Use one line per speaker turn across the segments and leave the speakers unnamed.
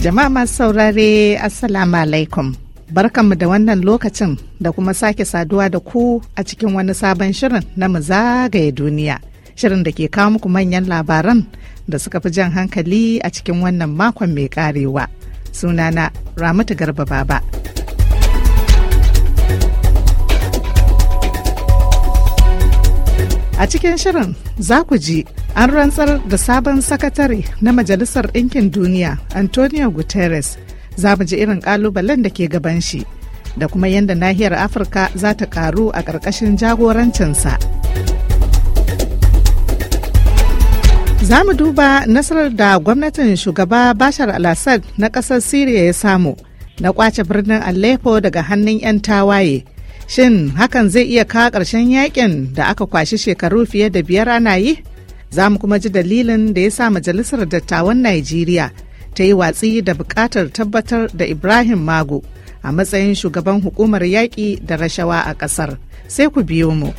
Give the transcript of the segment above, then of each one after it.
Jama'a masu saurare Assalamu alaikum. Barkanmu da wannan lokacin da kuma sake saduwa da ku a cikin wani sabon shirin na mu zagaye duniya. Shirin da ke kawo muku manyan labaran da suka fi jan hankali a cikin wannan makon mai karewa. Sunana Ramatu Garba Baba. A cikin shirin za ku ji an rantsar da sabon sakatare na Majalisar Ɗinkin Duniya Antonio Guterres za mu ji irin ƙalubalen da ke gaban shi da kuma yadda nahiyar Afirka za ta ƙaru a ƙarƙashin jagorancinsa. Za mu duba nasarar da gwamnatin shugaba Bashar al-Assad na ƙasar Siriya ya samu na ƙwace birnin Aleppo daga hannun 'yan tawaye Shin hakan zai iya kawo ƙarshen yakin da aka kwashi shekaru fiye da biyar ana yi? Za mu kuma ji dalilin da ya sa Majalisar Dattawan Najeriya ta yi watsi da buƙatar tabbatar da Ibrahim Mago a matsayin shugaban hukumar yaƙi da rashawa a ƙasar. Sai ku biyo mu.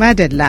Madalla,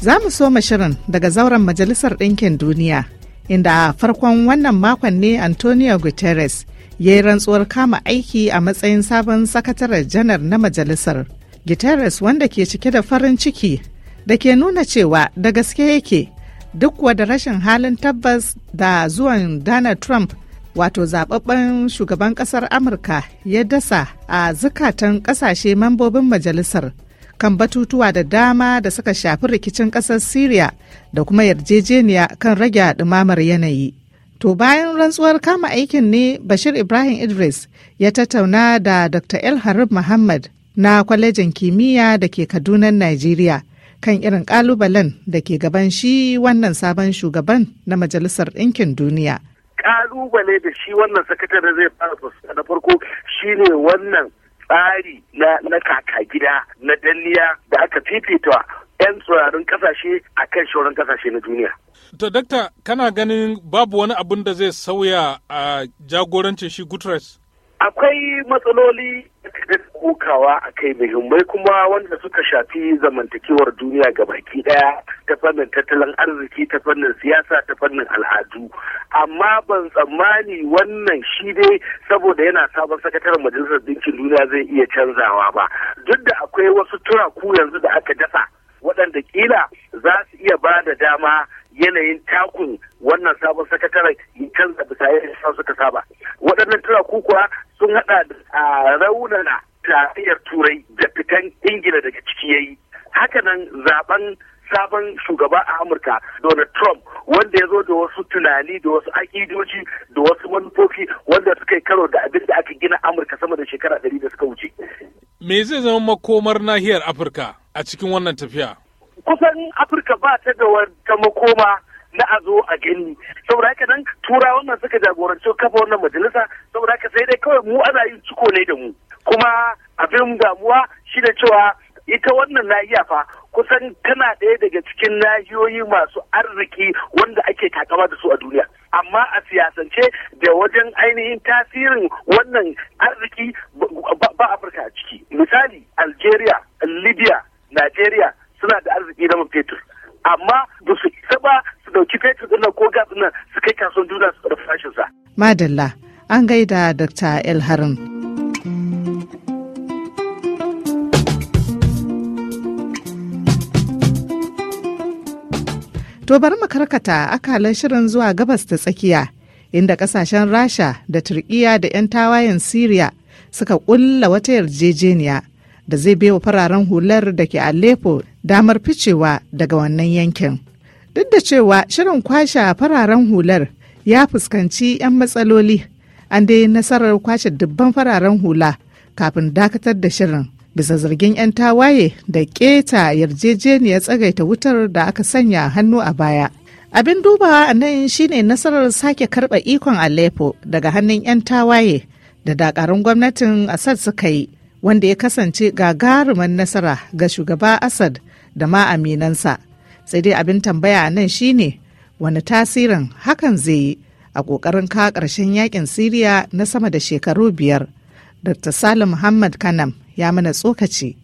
za mu soma shirin daga zauren Majalisar Ɗinkin Duniya. inda farkon wannan makon ne Antonio Guterres ya yi rantsuwar kama aiki a matsayin sabon sakatare janar na majalisar. Guterres wanda ke cike da farin ciki da ke nuna cewa da gaske yake duk wadda rashin halin tabbas da zuwan Donald Trump wato zababben shugaban kasar Amurka ya dasa a zukatan kasashe mambobin majalisar. kan batutuwa da dama da suka shafi rikicin ƙasar Siriya da kuma yarjejeniya kan rage ɗumamar yanayi. To bayan rantsuwar kama aikin ne Bashir Ibrahim Idris ya tattauna da Dr. El Harib Muhammad na kwalejin kimiyya da ke Kaduna, Najeriya kan irin ƙalubalen da ke gaban shi wannan sabon shugaban na Majalisar Ɗinkin Duniya.
Ƙalubale da shi wannan sakatare zai fara fuska na farko shine wannan tsari na na kaka gida na danniya da aka fifita 'yan tsoron kasashe a kan shauran kasashe na duniya.
To, dakta, kana ganin babu wani abin da zai sauya a jagorancin shi Guterres? akwai matsaloli da kokawa a kai muhimmai kuma wanda suka shafi zamantakewar
duniya ga baki daya ta fannin tattalin arziki ta fannin siyasa ta fannin al'adu amma ban tsammani wannan shi dai saboda yana sabon sakataren majalisar dinkin duniya zai iya canzawa ba duk da akwai wasu turaku yanzu da aka dasa waɗanda kila za su iya ba da dama yanayin takun wannan sabon sakataren in canza bisa yadda suka saba waɗannan tura kuwa sun haɗa da raunana tarayyar turai da fitan ingila daga ciki yayi hakanan zaben sabon shugaba a amurka donald trump wanda ya zo da wasu tunani da wasu akidoci da wasu manufofi wanda suka yi karo da abin da aka gina amurka sama da shekara ɗari da suka wuce
me zai zama makomar nahiyar afirka a cikin wannan tafiya?
Kusan Afirka ba ta da wata makoma na a zo a gani saboda haka nan tura wannan suka jagoranci kafa wannan majalisa saboda haka sai dai kawai mu ana yin ciko ne da mu kuma abin damuwa shi da cewa ita wannan nahiya fa kusan tana ɗaya daga cikin nahiyoyi masu arziki wanda ake takama da su a duniya amma a siyasance da wajen ainihin tasirin wannan arziki ba afirka a ciki misali algeria libya Najeriya suna da arziki na man fetur amma ba su isa ba su dauki fetur din ko gas din su
kai kasuwan duniya su karfi fashin sa. Madalla an gaida Dr. El Harun. To bari mu karkata akalan shirin zuwa gabas ta tsakiya inda kasashen Rasha da Turkiya da 'yan tawayen Siriya suka ƙulla wata yarjejeniya da zai wa fararen hular da ke Aleppo damar ficewa daga wannan yankin. Duk da cewa shirin kwashe fararen hular ya fuskanci 'yan matsaloli, an dai nasarar kwashe dubban fararen hula kafin dakatar da shirin. bisa zargin 'yan tawaye da keta yarjejeniyar tsagaita wutar da aka sanya hannu a baya. Abin dubawa a nan shine nasarar sake karɓa ikon Aleppo daga hannun 'yan tawaye da dakarun gwamnatin Asad suka yi wanda ya kasance gagaruman nasara ga shugaba asad da ma aminansa. Sai dai abin tambaya nan shine wani tasirin hakan zai yi a ƙoƙarin ka ƙarshen yakin Siriya na sama da shekaru biyar. Dr. Salim Muhammad Kanam ya mana tsokaci.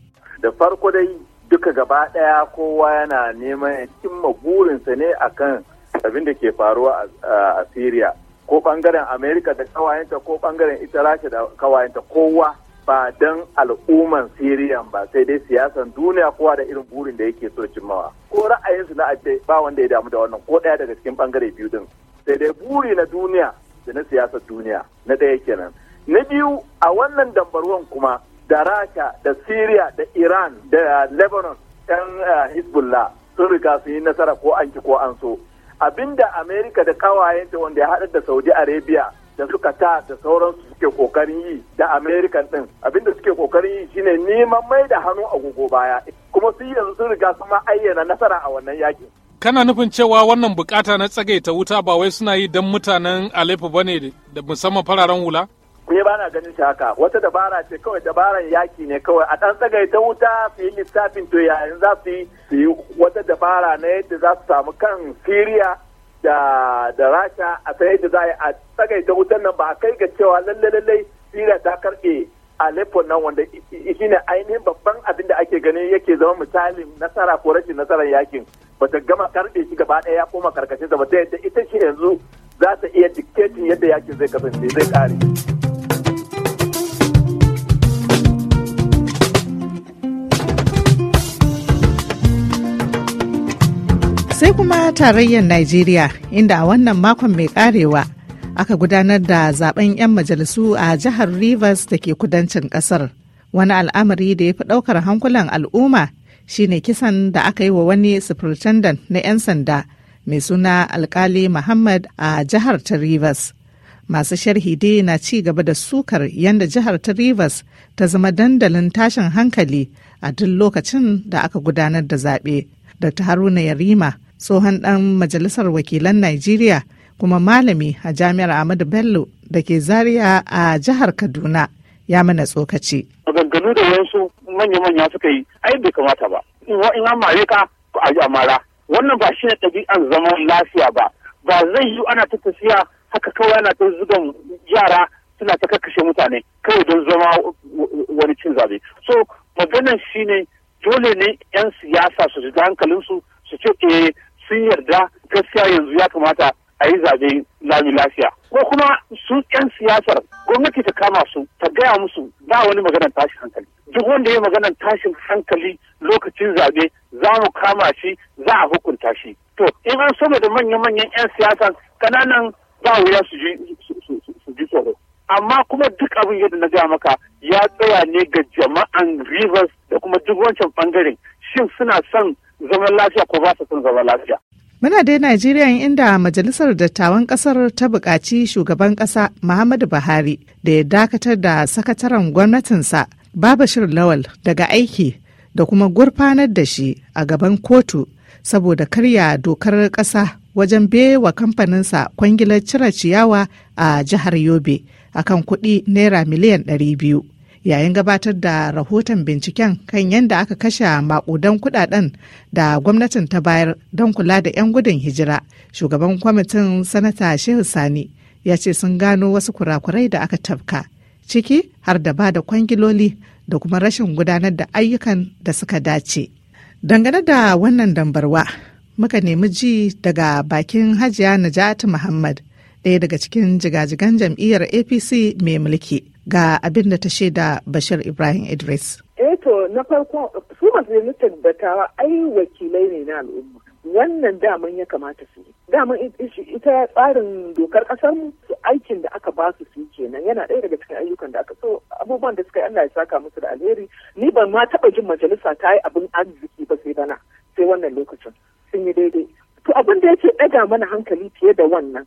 Da farko dai duka gaba ɗaya kowa yana neman ya cimma burinsa ne akan abin da ke faruwa a Siriya. Ko ɓangaren Amerika da kawayenta ko ɓangaren ita Rasha da kawayenta kowa ba don al'umman siriyan ba sai dai siyasan duniya kowa da irin burin da yake so cimmawa ko ra'ayinsu na ace ba wanda ya damu da wannan ko ɗaya daga cikin bangare biyu din sai dai buri na duniya da na siyasar duniya na ɗaya kenan na biyu a wannan dambarwan kuma da rasha da siriya da iran da lebanon ɗan eh, hezbollah sun riga sun yi nasara ko an ki ko an so abinda amerika da kawayenta wanda ya haɗar da saudi arabia da suka ta da sauransu suke kokarin yi da american din abinda suke kokarin yi shine neman mai da hannu agogo baya kuma su yanzu sun riga sun ma ayyana nasara a wannan yakin
kana nufin cewa wannan bukata na tsagaita wuta ba wai suna yi don mutanen Aleppo ba ne da musamman fararen wula.
Ni ba na ganin shi haka wata dabara ce kawai dabaran yaki ne kawai a ɗan tsagaita wuta su yi lissafin to yayin za su su yi wata dabara na yadda za su samu kan Siriya da rasha a sai yadda za a tsagaita wutan nan ba a kai ga cewa lalle lalle sira ta karɓe Aleppo nan wanda shi ne ainihin babban abin da ake ganin yake zama misalin nasara ko rashin nasarar yakin ta gama karɓe shi gaba ɗaya ya koma karkashin sa ba ta yadda ita shi yanzu za ta iya dictating yadda yakin zai kasance zai ƙare.
sai kuma tarayyar Najeriya inda a wannan makon mai karewa aka gudanar da zaben 'yan majalisu a jihar Rivers da ke kudancin kasar. Wani al'amari da ya fi ɗaukar hankulan al'umma shine kisan da aka yi wa wani superintendent na 'yan sanda mai suna alkali Muhammad a jihar ta Rivers. Masu sharhi dai na ci gaba da sukar yadda jihar ta Rivers ta zama dandalin tashin hankali a duk lokacin da aka gudanar da zaɓe. Dr. Haruna Yarima tsohon ɗan majalisar wakilan Najeriya kuma malami a jami'ar Ahmadu Bello da ke Zaria a jihar Kaduna ya mana tsokaci.
Maganganu da wasu manya-manya suka yi ai bai kamata ba. In an mare ka a amara. Wannan ba shi ne ɗabi'an zaman lafiya ba. Ba zai yi ana ta tafiya haka kawai ana ta zugan yara suna ta kakkashe mutane kawai don zama wani cin zabe. So maganan shi ne dole ne 'yan siyasa su shiga hankalinsu su ce eh sun yarda gaskiya yanzu ya kamata a yi zaɓe lami lafiya ko kuma sun 'yan siyasar gwamnati ta kama su ta gaya musu ba wani maganar tashin hankali duk wanda ya maganar tashin hankali lokacin zaɓe za mu kama shi za a hukunta shi to in an sama da manya-manyan 'yan siyasa kananan ba wuya su ji tsoro amma kuma duk abin yadda na gaya maka ya tsaya ne ga jama'an rivers da kuma duk wancan bangaren shin suna son zaman lafiya ko ba su son zaman lafiya
Muna dai Najeriya inda Majalisar Dattawan kasar ta buƙaci shugaban ƙasa Muhammadu Buhari da ya dakatar da sakataren gwamnatinsa Babashir Lawal daga aiki da kuma gurfanar da shi a gaban kotu saboda karya dokar ƙasa wajen bewa kamfaninsa kwangilar cire ciyawa a jihar Yobe. akan kuɗi naira miliyan 200 yayin gabatar da rahoton binciken kan yadda aka kashe maƙudan kuɗaɗen da gwamnatin ta bayar don kula da 'yan gudun hijira shugaban kwamitin sanata shehu sani ya ce sun gano wasu kurakurai da aka tafka ciki har da ba da kwangiloli da kuma rashin gudanar da ayyukan da suka dace dangane da wannan dambarwa muka nemi ji daga bakin hajiya najatu muhammad ɗaya daga cikin jigajigan jam'iyyar apc mai mulki ga abin da ta shaida bashir ibrahim idris
eto eh na farko su majalisar dattawa ai wakilai ne na al'umma wannan daman ya kamata su yi daman ita tsarin dokar kasar mu aikin da aka ba su su kenan yana ɗaya daga cikin ayyukan da aka so abubuwan da suka yi Allah ya saka musu da alheri ni ban ma taɓa jin majalisa ta yi abin arziki ba sai bana sai wannan lokacin sun yi daidai to abin da yake ɗaga mana hankali fiye da wannan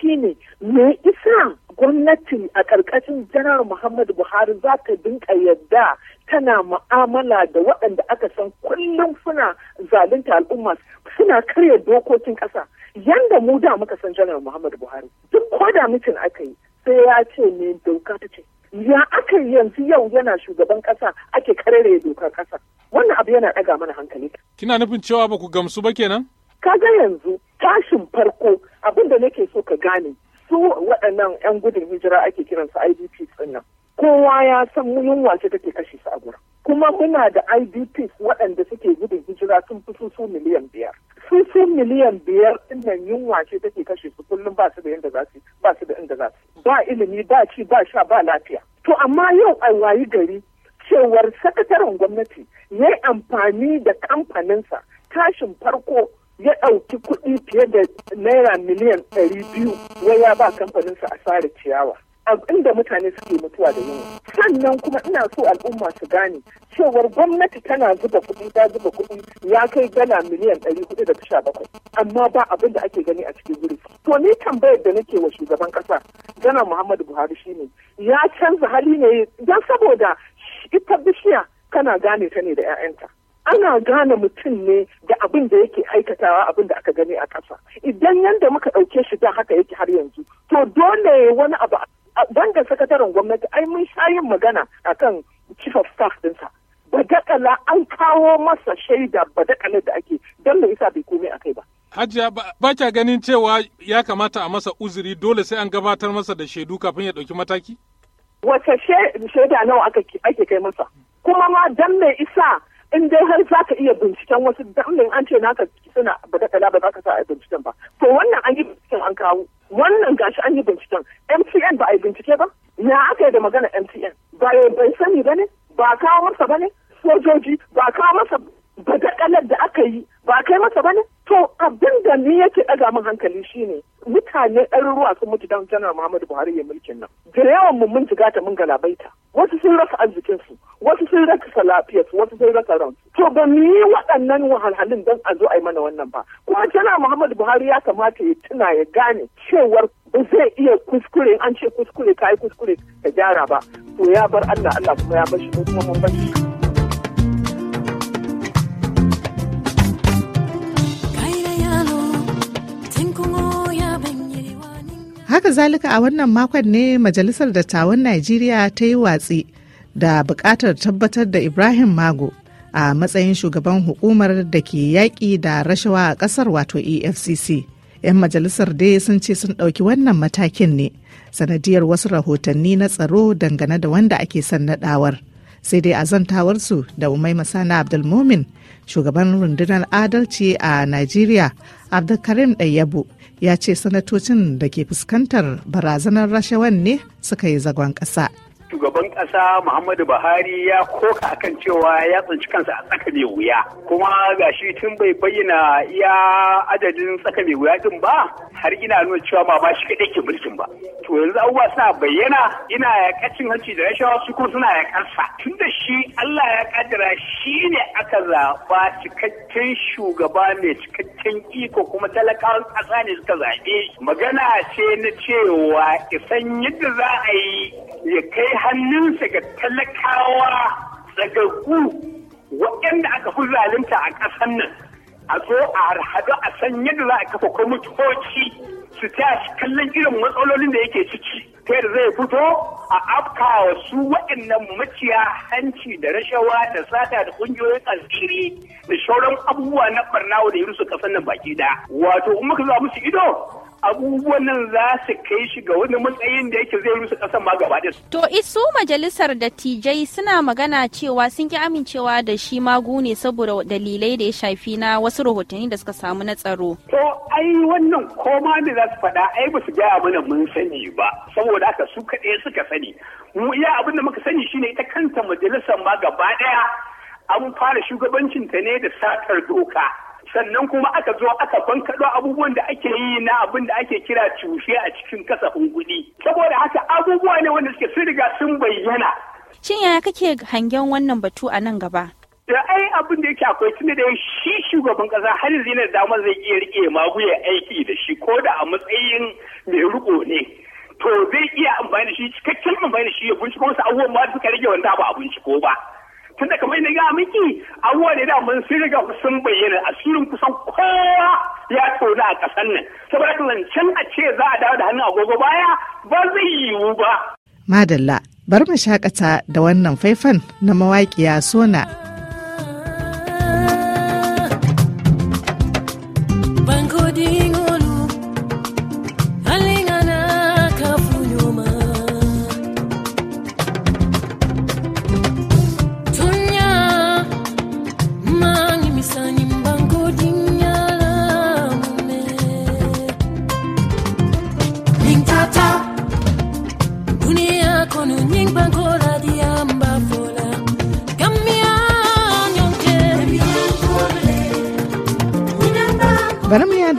shine me isa gwamnati a ƙarƙashin janar muhammadu buhari za ta dinka yadda tana ma'amala da waɗanda aka san kullum suna zalunta al'umma suna karya dokokin ƙasa yanda mu da muka san janar muhammadu buhari duk koda mutum aka yi sai ya ce ne doka ta ce ya aka yi yanzu yau yana shugaban ƙasa ake karere dokar ƙasa wannan abu yana ɗaga mana hankali
kina nufin cewa ba ku gamsu ba kenan
kaga yanzu tashin farko abin da nake so ka gane su waɗannan 'yan gudun hijira ake kiran su idp nan
kowa ya
san muyin wace take kashe su a gurin kuma muna da idp waɗanda suke gudun hijira sun fi su su miliyan biyar su su miliyan biyar nan yunwa ce take kashe su kullum ba su da yadda za su ba su da inda za su ba ilimi ba ci ba sha ba lafiya to amma yau a wayi gari cewar sakataren gwamnati ya yi amfani da kamfaninsa tashin farko ya ɗauki kuɗi fiye da naira miliyan ɗari biyu ya ba kamfaninsa a sare ciyawa inda mutane suke mutuwa da yunwa sannan kuma ina so al'umma su gane cewar gwamnati tana zuba kuɗi ta zuba kuɗi ya kai dala miliyan ɗari hudu da sha bakwai amma ba abin da ake gani a cikin wuri to ni tambayar da nake wa shugaban ƙasa janar muhammadu buhari shine ya canza hali ne don saboda ita bishiya kana gane ta ne da 'ya'yanta ana gane mutum ne da abin da yake aikatawa abin da aka gani a ƙasa idan yadda muka ɗauke shi da haka yake har yanzu to dole wani abu banda sakataren gwamnati ai mun sha yin magana akan chief of staff dinsa badakala an kawo masa shaida badakalar da ake don me isa bai komai akai ba
Hajiya ba kya ganin cewa ya kamata a masa uzuri dole sai an gabatar masa da shaidu kafin ya ɗauki mataki?
Wace shaida nawa ake kai masa? Kuma ma don mai isa in dai har za ka iya binciken wasu damin an ce naka suna ba da ba za ka sa a binciken ba to wannan an yi binciken an kawo wannan gashi an yi binciken mtn ba a yi bincike ba na aka yi da magana mtn ba bai sani ba ne ba kawo masa ba ne sojoji ba kawo masa badakalar da aka yi ba kai masa ba ne to abin da ni yake ɗaga min hankali shine mutane ruwa sun mutu don janar muhammadu buhari ya mulkin nan da yawan mu mun jigata mun galabaita wasu sun rasa arzikinsu wasu sun rasa rasa lafiyarsu wasu sai rasa ran to ba mu yi waɗannan wahalhalun don a zo a yi mana wannan ba kuma jana muhammadu buhari ya kamata ya tuna ya gane cewar zai iya kuskure an ce kuskure ka yi kuskure ka gyara ba to ya bar allah allah kuma ya bar shi kuma mun bar shi
Haka zalika a wannan makon ne Majalisar Dattawan Najeriya ta yi watsi da buƙatar tabbatar da Ibrahim Mago a matsayin shugaban hukumar da ke yaƙi da rashawa a ƙasar wato EFCC. 'Yan majalisar dai sun ce sun ɗauki wannan matakin ne sanadiyar wasu rahotanni na tsaro dangane da wanda ake son naɗawar. Sai dai a zantawarsu da Umai Masana Abdulmumin shugaban rundunar adalci a Najeriya Abdulkarim ɗayyabu ya ce sanatocin da ke fuskantar barazanar rashawan ne suka yi zagon ƙasa.
shugaban ƙasa
Muhammadu Buhari ya koka akan cewa ya tsinci kansa a tsaka mai wuya kuma gashi tun bai bayyana iya adadin tsaka mai wuya din ba har ina nuna cewa ba ba shi kaɗai ke mulkin ba
to yanzu abubuwa suna bayyana
ina yakacin hanci da rashawa su kuma suna karsa. tun da shi Allah ya kaddara shi ne aka zaɓa cikakken shugaba mai cikakken iko kuma talakawan ƙasa ne suka zaɓe magana ce na cewa isan yadda za a yi ya kai hannunsa ga talakawa tsagaggu waɗanda aka fi zalunta a ƙasar nan a zo a harhaɗu a san yadda za a kafa kwamitoci su tashi kallon irin matsalolin da yake ciki ta yadda zai fito a afkawa su waɗannan maciya hanci da rashawa da sata da ƙungiyoyin asiri da shauran abubuwa na barna da yi su ƙasar nan baki ɗaya wato in muka za musu ido abubuwan nan za su kai shi ga wani matsayin da yake zai rusa kasan ma gaba To isu majalisar da dattijai suna magana cewa sun ki amincewa da shi magu ne saboda dalilai da ya shafi na wasu rahotanni da suka samu na tsaro. To ai wannan koma ne za su faɗa ai ba su gaya mana mun sani ba saboda haka su kaɗai suka sani. Mu iya abin da muka sani shine ita kanta majalisar ma gaba ɗaya an fara shugabancinta ne da satar doka. sannan kuma aka zo aka bankaɗo abubuwan da ake yi na abin da ake kira cushe a cikin kasafin kuɗi saboda haka abubuwa ne wanda suke sun riga sun bayyana shin yaya kake hangen wannan batu a nan gaba da ai abin da yake akwai tuni da shi shugaban kasa har yana dama zai iya riƙe maguya aiki da shi ko da a matsayin mai riƙo ne to zai iya amfani da shi cikakken amfani da shi ya binciko wasu abubuwan su suka rage wanda ba a binciko ba tunda kamar na ga miki abubuwa ne da mun sun riga sun bayyana a surin kusan kowa ya tsoro a ƙasar nan saboda zancen a ce za a dawo
da hannun agogo baya ba zai yiwu ba
madalla bar mu shakata da wannan faifan na mawaƙiya sona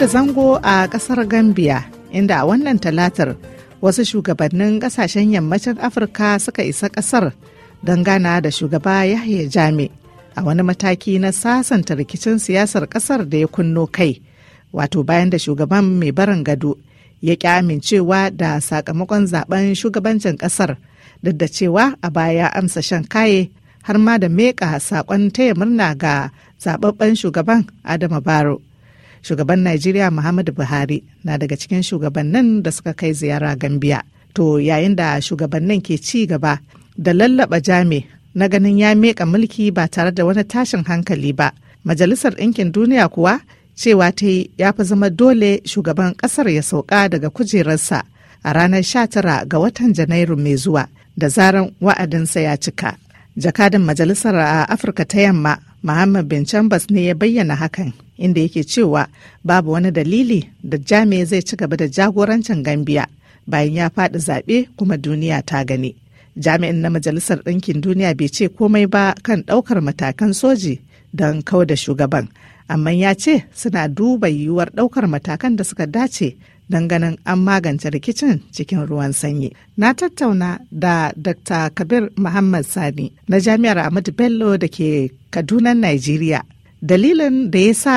da zango a kasar Gambia, inda a wannan talatar wasu shugabannin kasashen yammacin Afirka suka isa kasar don gana da shugaba Yahya Jami a wani mataki na sasanta rikicin siyasar kasar da ya kunno kai, wato bayan da shugaban mai barin gado ya ƙi amincewa da sakamakon zaben shugabancin kasar duk da cewa a baya amsa shan kaye har ma da meka saƙon taya murna ga zababben shugaban Adama Baro. shugaban najeriya muhammadu buhari na daga cikin shugabannin da suka kai ziyara gambiya to yayin da shugabannin ke ci gaba da lallaba jami na ganin ya meka mulki ba tare da wani tashin hankali ba majalisar ɗinkin duniya kuwa cewa ta yi ya fi zama dole shugaban ƙasar ya sauka daga kujerarsa a ranar sha tara ga watan janairu mai zuwa da zaran wa'adinsa ya cika jakadan majalisar a afirka ta yamma Muhammad bin Chambers ne ya bayyana hakan inda yake cewa babu wani dalili da Jami zai ci gaba da jagorancin Gambia bayan ya faɗi zaɓe kuma duniya ta gani. Jami'in na Majalisar Ɗinkin Duniya bai ce komai ba kan ɗaukar matakan soji don da shugaban, amma ya ce suna duba yiwuwar ɗaukar matakan da suka dace don ganin an magance rikicin cikin ruwan sanyi. Na tattauna da Dr. Kabir Muhammad Sani na Jami'ar Ahmadu Bello da ke Kaduna, Najeriya. Dalilin da ya sa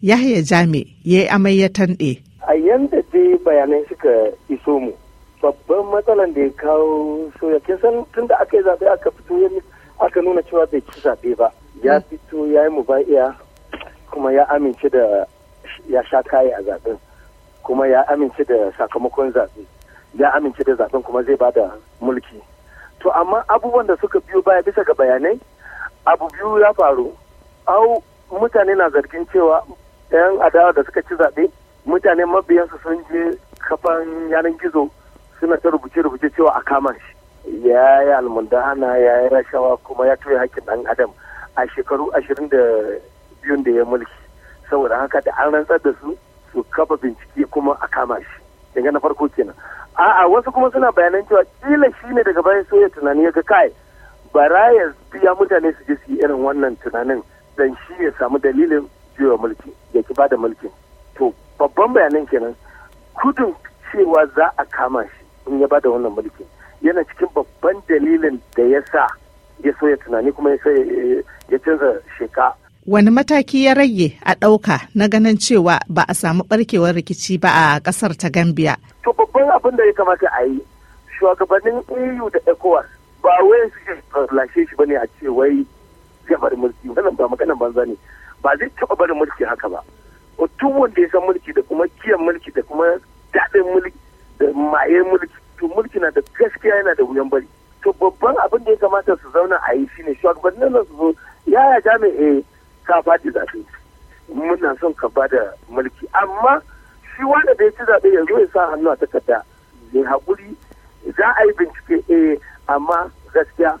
Yahya Jami ya yi amai ya tanɗe.
A yanda dai bayanai suka iso mu, babban matsalan da ya kawo soya kin san tun da aka yi zaɓe aka fito aka nuna cewa bai ci zaɓe ba. Ya mm. fito ya yi ba'iya kuma ya amince da ya sha kayi a zaɓen. kuma ya amince da sakamakon zaɓe ya amince da zaɓen kuma zai bada mulki to amma abubuwan da suka biyo baya bisa ga bayanai abu biyu ya faru au mutane na zargin cewa yan adawa da suka ci zaɓe mutane mabiyansu sun je kafan yanar gizo suna ta rubuce-rubuce cewa a kama shi ya yi almundana ya yi rashawa kuma ya toye hakkin ɗan adam a shekaru ashirin da biyun da ya mulki saboda haka da an rantsar da su su kafa bincike kuma a kama shi daga na farko kenan a'a wasu kuma suna bayanan cewa kila shi ne daga bayan soya tunani ya ga kai bara ya biya mutane su je su yi irin wannan tunanin dan shi ya samu dalilin juya mulki ya ki bada mulki to babban bayanan kenan kudin cewa za a kama shi in ya bada wannan mulki yana cikin babban dalilin da ya sa ya soya tunani kuma ya canza sheka
wani mataki ya rage a ɗauka na ganin cewa ba a samu ɓarkewar rikici ba a ƙasar ta gambia to
babban abin da ya kamata a yi shugabannin eu da ecowas ba wai su lashe shi bane a ce wai zai bari mulki wannan ba maganan banza ne ba zai taɓa bari mulki haka ba duk wanda ya san mulki da kuma kiyan mulki da kuma daɗin mulki da maye mulki to mulki na da gaskiya yana da wuyan bari to babban abin da ya kamata su zauna a yi shine shugabannin su zo yaya jami'a ka da zaɓe muna son ka ba da mulki amma shi wanda da ya ci zaɓe yanzu ya sa hannu a takarda ya haƙuri za a yi bincike eh amma gaskiya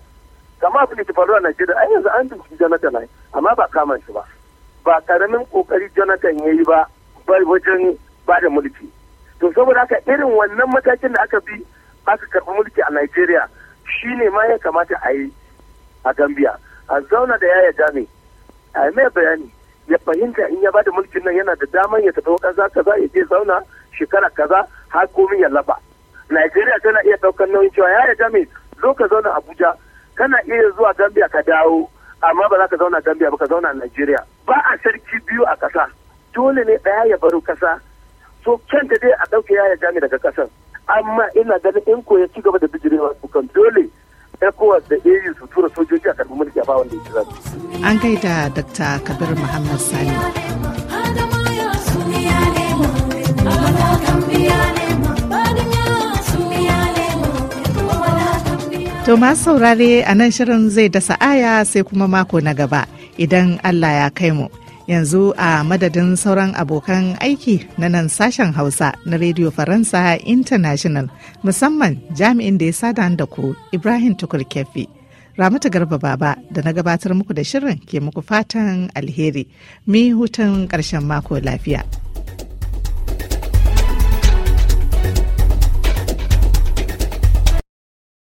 kama abin da ke faruwa a Najeriya ai yanzu an binciki Jonathan ai amma ba kama shi ba ba karamin kokari Jonathan ya yi ba wajen ba da mulki to saboda haka irin wannan matakin da aka bi aka karɓi mulki a Najeriya shine ma ya kamata a yi a Gambia a zauna da yaya jami'a a mai bayani ya fahimta in ya ba da mulkin nan yana da daman ya tafi kaza kaza ya je zauna shekara kaza har komin ya laba Najeriya tana iya ɗaukar nauyin cewa ya yi jami, zo ka zauna Abuja kana iya zuwa Gambia ka dawo amma ba za ka zauna Gambia ba ka zauna Najeriya ba a sarki biyu a ƙasa dole ne ɗaya ya baro ƙasa so da dai a ɗauke ya jami daga ƙasar amma ina ganin in ko ya ci gaba da bijirewa kan dole ECOWAS da AU su
tura sojoji a karɓi mulki a ba wanda ya An gaida Dr. Kabir Muhammad Sani. To masu saurare a nan shirin zai dasa aya sai kuma mako na gaba idan Allah ya kai mu. yanzu a madadin sauran abokan aiki na nan sashen hausa na radio faransa international musamman jami'in da ya sada da ku ibrahim tukur kefi ramatu garba baba da na gabatar muku da shirin ke muku fatan alheri mi hutun ƙarshen mako lafiya.